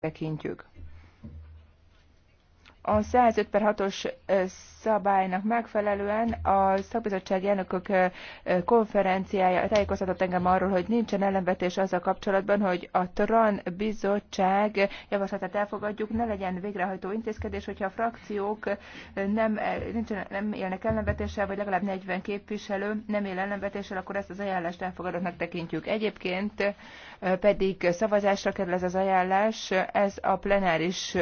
tekintjük a 105 per 6-os szabálynak megfelelően a szakbizottság elnökök konferenciája tájékoztatott engem arról, hogy nincsen ellenvetés azzal kapcsolatban, hogy a TRAN bizottság javaslatát elfogadjuk, ne legyen végrehajtó intézkedés, hogyha a frakciók nem, nincsen, nem élnek ellenvetéssel, vagy legalább 40 képviselő nem él ellenvetéssel, akkor ezt az ajánlást elfogadottnak tekintjük. Egyébként pedig szavazásra kerül ez az ajánlás, ez a plenáris